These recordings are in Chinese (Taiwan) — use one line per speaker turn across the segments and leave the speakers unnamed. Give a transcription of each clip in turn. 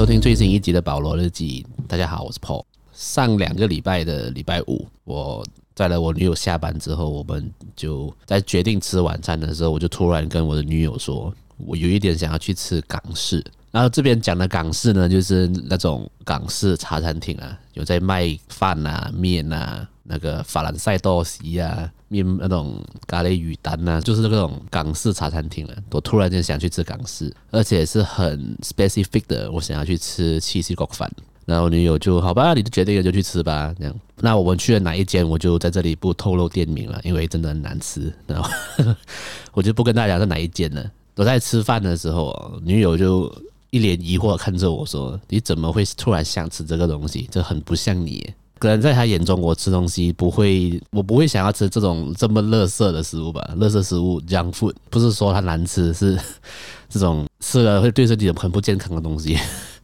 收聽最新一集的《保羅日記》。大家好，我是 Paul。上兩個禮拜的禮拜五，我帶了我女友下班之後，我們就在決定吃晚餐的時候，我就突然跟我的女友說，我有一點想要去吃港式。然後這邊講的港式呢，就是那種港式茶餐廳啊，有在賣飯啊、麵啊。那個法蘭西多士啊，麵那種咖喱魚蛋吶，就是那種港式茶餐廳了。我突然間想去吃港式，而且是很 specific 的，我想要去吃芝士焗飯。然後女友就好吧，你就決定就去吃吧。這樣，那我們去了哪一間，我就在這裡不透露店名了，因為真的很難吃。然後 我就不跟大家講在哪一間了。我在吃飯的時候，女友就一臉疑惑地看着我說：“你怎麼會突然想吃這個東西？這很不像你。”可能在他眼中，我吃東西不會，我不會想要吃這種這麼垃圾的食物吧？垃圾食物、Young food，不是說它難吃，是這種吃了會對身體很不健康的東西。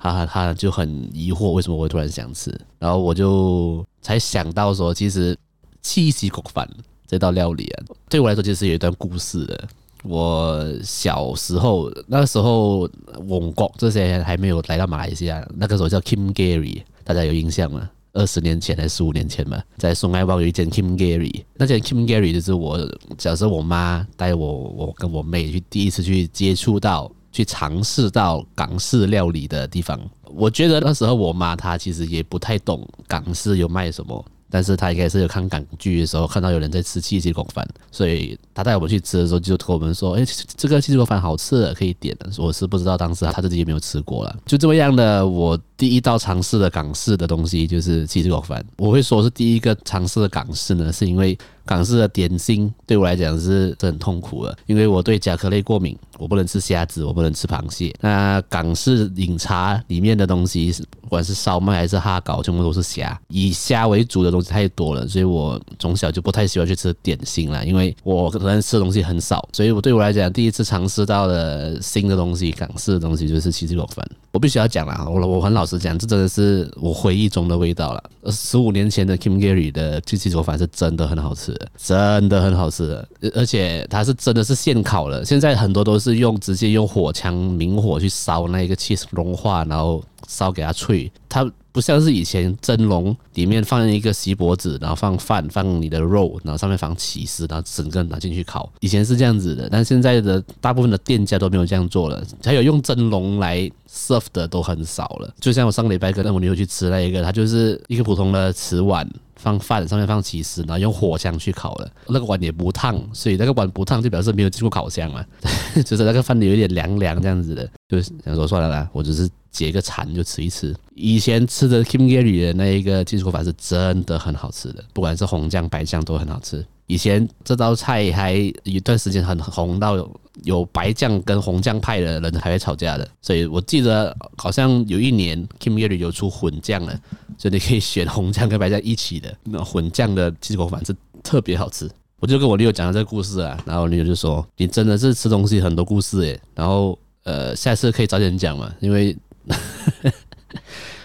哈哈，他就很疑惑，為什麼我會突然想吃？然後我就才想到說，其實芝士焗飯這道料理啊，對我來說其實是有一段故事的。我小時候那時候，王國這些還沒有來到馬來西亞，那個時候叫 Kim Gary，大家有印象嗎？二十年前還是十五年前吧，在松愛有一間 Kim Gary，那間 Kim Gary 就是我小時候我媽帶我，我跟我妹去第一次去接觸到，去嘗試到港式料理的地方。我覺得那時候我媽她其實也不太懂港式有賣什麼。但是他應該是有看港劇的時候看到有人在吃芝士焗飯，所以他帶我們去吃的時候就跟我們說：“哎、欸，這個芝士焗飯好吃，可以點的。”我是不知道當時他自己有沒有吃過了。就這麼樣的，我第一道嘗試的港式的東西就是芝士焗飯。我會說是第一個嘗試的港式呢，是因為港式的點心對我來講是是很痛苦的，因為我對甲殼類過敏。我不能吃蝦子，我不能吃螃蟹。那港式飲茶裡面的東西，不管是燒賣還是蝦餃，全部都是蝦。以蝦為主的東西太多了，所以我從小就不太喜歡去吃點心啦，因為我可能吃東西很少。所以，我對我來講，第一次嘗試到的新的東西，港式的東西就是芝士焗飯。我必須要講了，我我很老實講，這真的是我回憶中的味道了。十五年前的 Kim Gary 的芝士焗飯是真的很好吃的，真的很好吃的，而且它是真的是現烤的。現在很多都是。是用直接用火槍明火去燒那一個氣 h 融化，然後燒給它脆。它不像是以前蒸籠裡面放一個錫箔紙，然後放飯，放你的肉，然後上面放起司，然後整個拿進去烤。以前是這樣子的，但現在的大部分的店家都沒有這樣做了。還有用蒸籠來 serve 的都很少了。就像我上個禮拜跟那我女友去吃那一個，它就是一個普通的瓷碗。放飯，上面放起司，然後用火槍去烤的那個碗也不燙，所以那個碗不燙就表示沒有進過烤箱了。 就是那個飯裡有一點涼涼這樣子的，就是想說算了啦，我只是解個饞就吃一吃。以前吃的 k i m e h i y 的那一個技術法是真的很好吃的，不管是紅醬白醬都很好吃。以前這道菜還一段時間很紅，到有白醬跟紅醬派的人還會吵架的。所以我記得好像有一年 k i m e h i y 有出混醬了。所以你可以選紅醬跟白醬一起的那混醬的芝士焗飯，是特別好吃。我就跟我女友講了這個故事啊，然後女友就說：“你真的是吃東西很多故事誒、欸’。然後呃，下次可以找點人講嘛，因為呵呵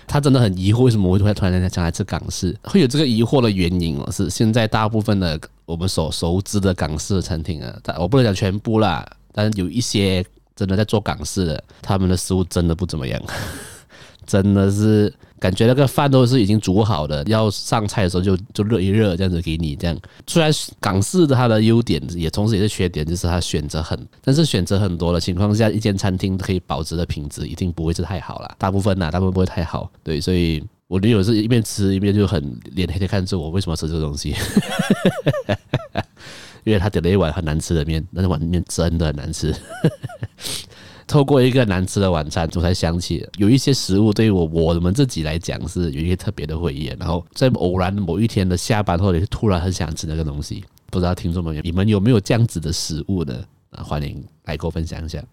他真的很疑惑為什麼我會突然突然講來吃港式。會有這個疑惑的原因是，現在大部分的我們所熟知的港式的餐廳啊，但我不能講全部啦，但是有一些真的在做港式的，他們的食物真的不怎麼樣，真的是。感覺那個飯都是已經煮好的，要上菜的時候就就熱一熱，這樣子給你。這樣，雖然港式的它的優點也同時也是缺點，就是它選擇很，但是選擇很多的情況下，一間餐廳可以保值的品質一定不會是太好啦。大部分啦、啊、大部分不會太好。對，所以我女友是一邊吃一邊就很臉黑的看着我為什麼吃這個東西？ 因為她點了一碗很難吃的麵，那碗麵真的很難吃。 透過一個難吃的晚餐，我才想起有一些食物對於我我們自己來講是有一些特別的回憶。然後在偶然某一天的下班後，或者是突然很想吃那個東西，不知道聽眾朋友你們有沒有這樣子的食物呢？啊，歡迎來跟我分享一下。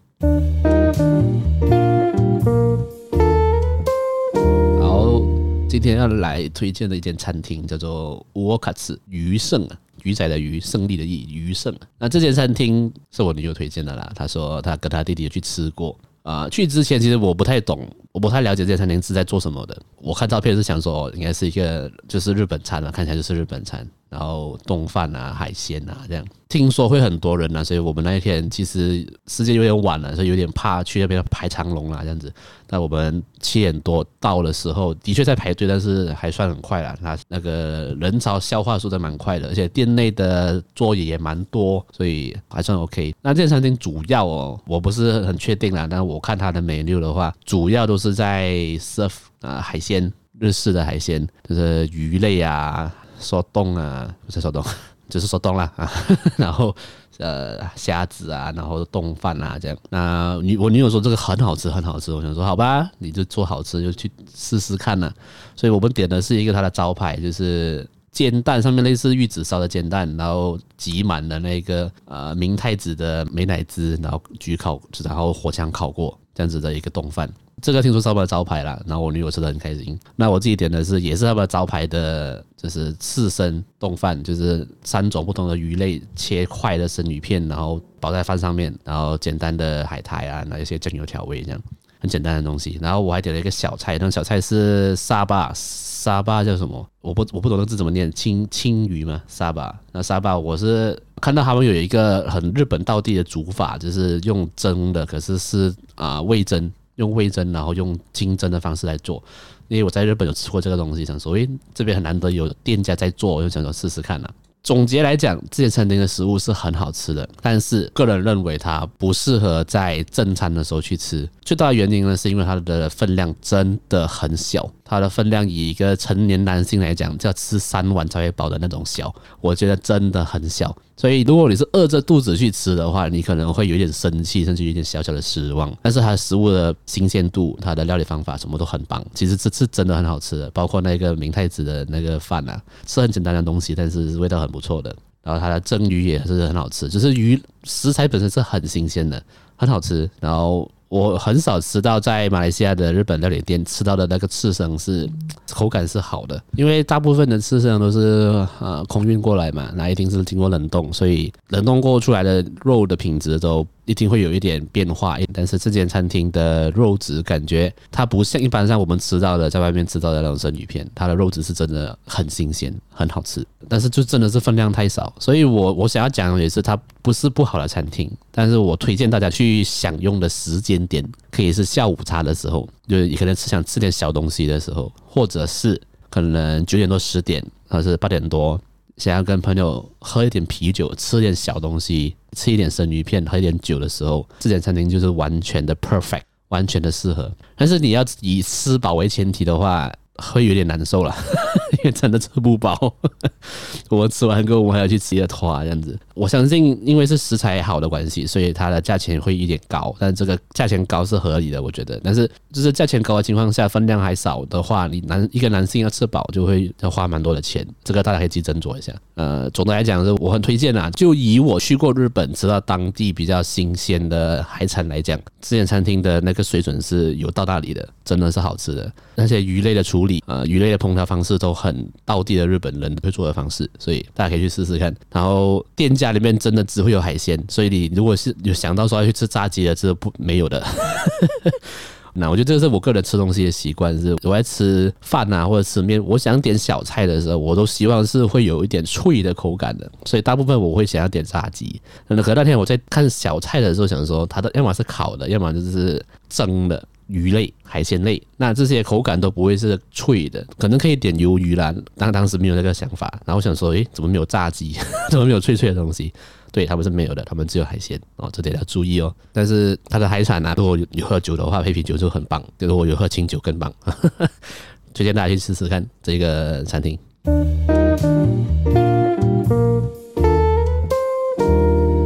好，今天要來推薦的一間餐廳叫做 Uokatsu 魚勝啊。魚仔的魚，勝利的勝，魚勝。那這間餐廳是我女友推薦的啦，她說她跟她弟弟也去吃過。啊、呃，去之前其實我不太懂，我不太了解這家餐廳是在做什麼的。我看照片是想說，應該是一個就是日本餐了，看起來就是日本餐。然後丼飯啊，海鮮啊，這樣聽說會很多人吶、啊，所以我們那一天其實時間有點晚了，所以有點怕去那邊排長龍啊這樣子。那我們七點多到的時候，的確在排隊，但是還算很快啦。那、啊、那個人潮消化速度蠻快的，而且店內的座椅也蠻多，所以還算 OK。那這餐廳主要哦，我不是很確定啦，但我看它的 menu 的話，主要都是在 serve 啊海鮮，日式的海鮮，就是魚類啊。說凍啊，不是說凍，就是說凍啦，啊。然後，呃，蝦子啊，然後凍飯啊，這樣。那女我女友說這個很好吃，很好吃。我想說好吧，你就做好吃，就去試試看了，啊。所以我們點的是一個它的招牌，就是煎蛋上面類似玉子燒的煎蛋，然後擠滿了那個呃明太子的美乃滋，然後焗烤，然後火槍烤過。這樣子的一個丼飯，這個聽說是他們的招牌啦。然後我女友吃的很開心。那我自己點的是也是他們的招牌的，就是刺身丼飯，就是三種不同的魚類切塊的生魚片，然後倒在飯上面，然後簡單的海苔啊，那一些醬油調味這樣。很簡單的東西，然後我還點了一個小菜，那個、小菜是沙巴，沙巴叫什麼？我不我不懂那字怎麼念，青青魚嗎？沙巴，那沙巴我是看到他們有一個很日本道地的煮法，就是用蒸的，可是是啊、呃、味噌，用味噌，然後用清蒸的方式來做，因為我在日本有吃過這個東西，想說誒這邊很難得有店家在做，我就想說試試看啦，啊總結來講，這些餐廳的食物是很好吃的，但是個人認為它不適合在正餐的時候去吃。最大的原因呢，是因為它的分量真的很小。它的分量，以一個成年男性來講，就要吃三碗才會飽的那種小，我覺得真的很小。所以如果你是餓着肚子去吃的話，你可能會有點生氣，甚至有點小小的失望。但是它的食物的新鮮度、它的料理方法什麼都很棒，其實這是真的很好吃的。包括那個明太子的那個飯啊，是很簡單的東西，但是味道很不錯的。然後它的蒸魚也是很好吃，就是魚食材本身是很新鮮的，很好吃。然後。我很少吃到在馬來西亞的日本料理店吃到的那個刺身是口感是好的，因為大部分的刺身都是呃空運過來嘛，那一定是經過冷凍，所以冷凍過出來的肉的品質都。一定會有一點變化，但是這間餐廳的肉質感覺，它不像一般上我們吃到的，在外面吃到的那種生魚片，它的肉質是真的很新鮮，很好吃。但是就真的是分量太少，所以我我想要講的也是，它不是不好的餐廳，但是我推薦大家去享用的時間點，可以是下午茶的時候，就你可能是想吃點小東西的時候，或者是可能九點多十點，還是八點多。想要跟朋友喝一點啤酒，吃點小東西，吃一點生魚片，喝一點酒的時候，這間餐廳就是完全的 perfect，完全的適合。但是你要以吃飽為前提的話。會有點難受了， 為真的吃不飽。 我吃完後，我還要去吃的話，這樣子，我相信因為是食材好的關係，所以它的價錢會有點高。但是這個價錢高是合理的，我覺得。但是就是價錢高的情況下，分量還少的話，你男一個男性要吃飽，就會要花蠻多的錢。這個大家可以自己斟酌一下。呃，總的來講是，我很推薦啊，就以我去過日本吃到當地比較新鮮的海產來講，這家餐廳的那個水準是有到那裡的。真的是好吃的，那些魚類的處理，啊、呃、魚類的烹調方式都很道地的日本人會做的方式，所以大家可以去試試看。然後店家裡面真的只會有海鮮，所以你如果是有想到說要去吃炸雞的，是不沒有的。 那我覺得這是我個人吃東西的習慣，是我愛吃飯吶、啊、或者吃麵，我想點小菜的時候，我都希望是會有一點脆的口感的，所以大部分我會想要點炸雞。那可那天我在看小菜的時候，想說它的要麼是烤的，要麼就是蒸的。魚類、海鮮類，那這些口感都不會是脆的，可能可以點魷魚啦，但當時沒有那個想法。然後我想說、欸，怎麼沒有炸雞？怎麼沒有脆脆的東西？對，他們是沒有的，他們只有海鮮哦，這點要注意哦。但是他的海產啊，如果有喝酒的話，配啤酒就很棒；就是我有喝清酒更棒，推 薦大家去吃吃看這個餐廳。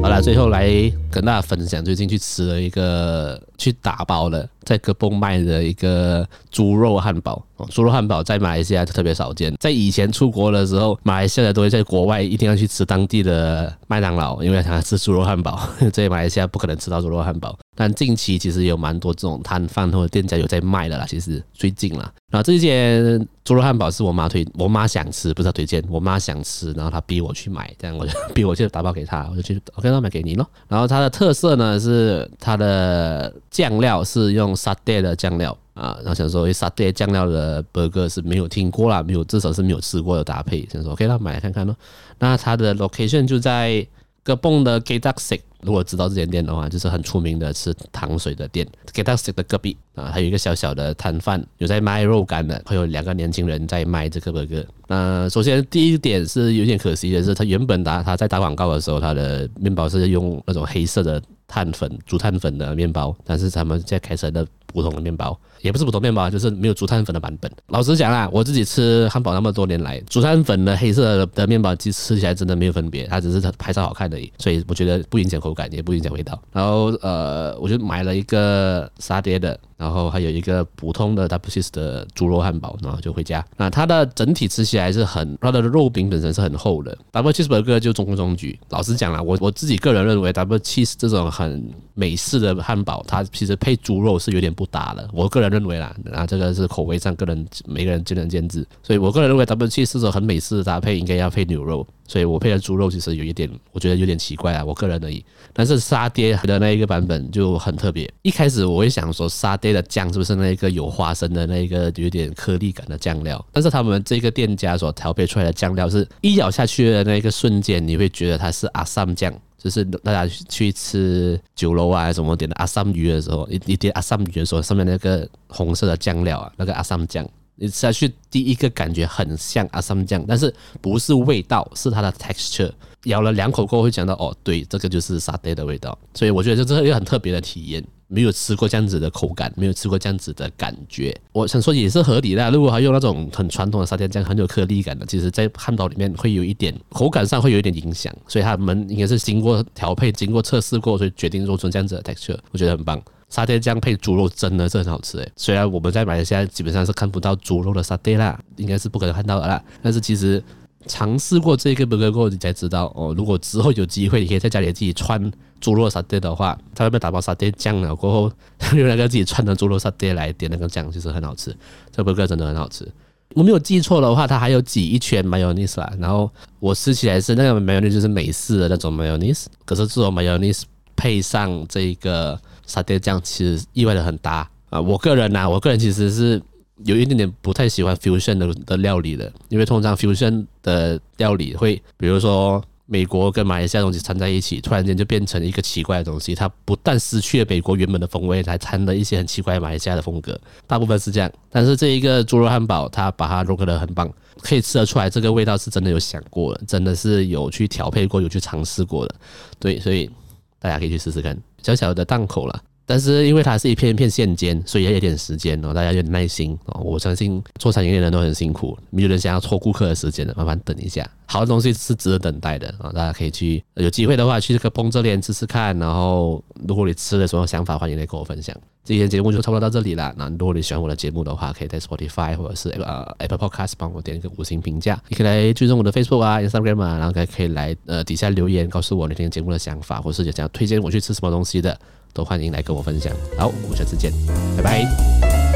好了，最後來跟大家分享最近去吃了一個。去打包了，在哥本賣的一個豬肉漢堡，豬肉漢堡，哦，豬肉漢堡在馬來西亞就特別少見。在以前出國的時候，馬來西亞的東西在國外一定要去吃當地的麥當勞，因為想要吃豬肉漢堡，在馬來西亞不可能吃到豬肉漢堡。但近期其實有蠻多這種攤販或者店家有在賣的啦，其實最近啦。然後這間豬肉漢堡是我媽推，我媽想吃，不是她推薦，我媽想吃，然後她逼我去買，這樣我就逼我去打包給她，我就去 OK，那買給你咯。然後它的特色呢是它的。醬料是用沙爹的醬料啊，然後想說，誒，沙爹醬料的 burger 是沒有聽過啦，沒有至少是沒有吃過的搭配。想說，OK，那買來看看咯。那它的 location 就在哥本的 Getaxic，如果知道這間店的話，就是很出名的吃糖水的店。Getaxic 的隔壁啊，還有一個小小的攤販，有在賣肉乾的，還有兩個年輕人在賣這個 burger。那首先第一點是有點可惜的是，他原本打他在打廣告的時候，他的麵包是用那種黑色的。碳粉、煮碳粉的麵包，但是他們現在開始的普通的麵包。也不是普通麵包，就是沒有竹炭粉的版本。老實講啦，我自己吃漢堡那麼多年來，竹炭粉的黑色的麵包，其實吃起來真的沒有分別，它只是拍照好看而已。所以我覺得不影響口感，也不影響味道。然後呃，我就買了一個沙爹的，然後還有一個普通的 double cheese 的豬肉漢堡，然後就回家。那它的整體吃起來是很，它的肉餅本身是很厚的。double cheese burger 就中規中矩。老實講啦，我我自己個人認為，double cheese 這種很美式的漢堡，它其實配豬肉是有點不搭的。我個人。認為啦，然後這個是口味上，個人每個人見仁見智，所以我個人認為，W7 這種很美式的搭配應該要配牛肉，所以我配的豬肉其實有一點，我覺得有點奇怪啊，我個人而已。但是沙爹的那一個版本就很特別，一開始我會想說沙爹的醬是不是那一個有花生的那一個有點顆粒感的醬料，但是他們這個店家所調配出來的醬料是一咬下去的那一個瞬間，你會覺得它是阿薩姆醬。就是大家去吃酒樓啊什麼點的亞參魚的時候，你你點亞參魚的時候，上面那個紅色的醬料啊，那個亞參醬，你吃下去第一個感覺很像亞參醬，但是不是味道，是它的 texture。咬了兩口過後會講到，哦，對，這個就是沙嗲的味道，所以我覺得這這是一個很特別的體驗。沒有吃過這樣子的口感，沒有吃過這樣子的感覺。我想說也是合理啦，如果還用那種很傳統的沙爹醬，很有顆粒感的，其實在漢堡裡面會有一點口感上會有一點影響。所以他們應該是經過調配、經過測試過，所以決定做出這樣子的 texture。我覺得很棒，沙爹醬配豬肉真的是很好吃誒、欸。雖然我們在馬來西亞基本上是看不到豬肉的沙爹啦，應該是不可能看到的啦。但是其實嘗試過這個 Burger 過後，你才知道哦。如果之後有機會，你可以在家裡自己串。豬肉沙爹的話，它會被打包沙爹醬了過後，用那個自己串的豬肉沙爹來點那個醬，其實很好吃。這波粿真的很好吃。我沒有記錯的話，它還有擠一圈 mayonnaise 啦。然後我吃起來是那個 mayonnaise 就是美式的那種 mayonnaise。可是這種 mayonnaise 配上這個沙爹醬，其實意外的很搭啊。我個人吶、啊，我個人其實是有一點點不太喜歡 fusion 的的料理的，因為通常 fusion 的料理會，比如說。美國跟馬來西亞東西摻在一起，突然間就變成一個奇怪的東西。它不但失去了美國原本的風味，還摻了一些很奇怪的馬來西亞的風格。大部分是這樣，但是這一個豬肉漢堡，它把它融合得很棒，可以吃得出來。這個味道是真的有想過的，真的是有去調配過，有去嘗試過的。對，所以大家可以去試試看，小小的檔口了。但是因為它是一片一片現煎，所以要有點時間哦，大家有點耐心哦。我相信做餐飲的人都很辛苦，沒有人想要錯顧客的時間的，慢慢等一下。好的東西是值得等待的啊，大家可以去有機會的話去這個碰澤蓮吃吃看。然後，如果你吃了什麼想法，歡迎來跟我分享。今天節目就差不多到這裡了。那如果你喜歡我的節目的話，可以在 Spotify 或者是呃 Apple Podcast 幫我點一個五星評價。你可以來追蹤我的 Facebook 啊 Instagram 啊，然後可以來呃底下留言告訴我你今天節目的想法，或是想要推薦我去吃什麼東西的。都歡迎來跟我分享，好，我們下次見，拜拜。